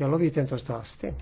kello 15 asti.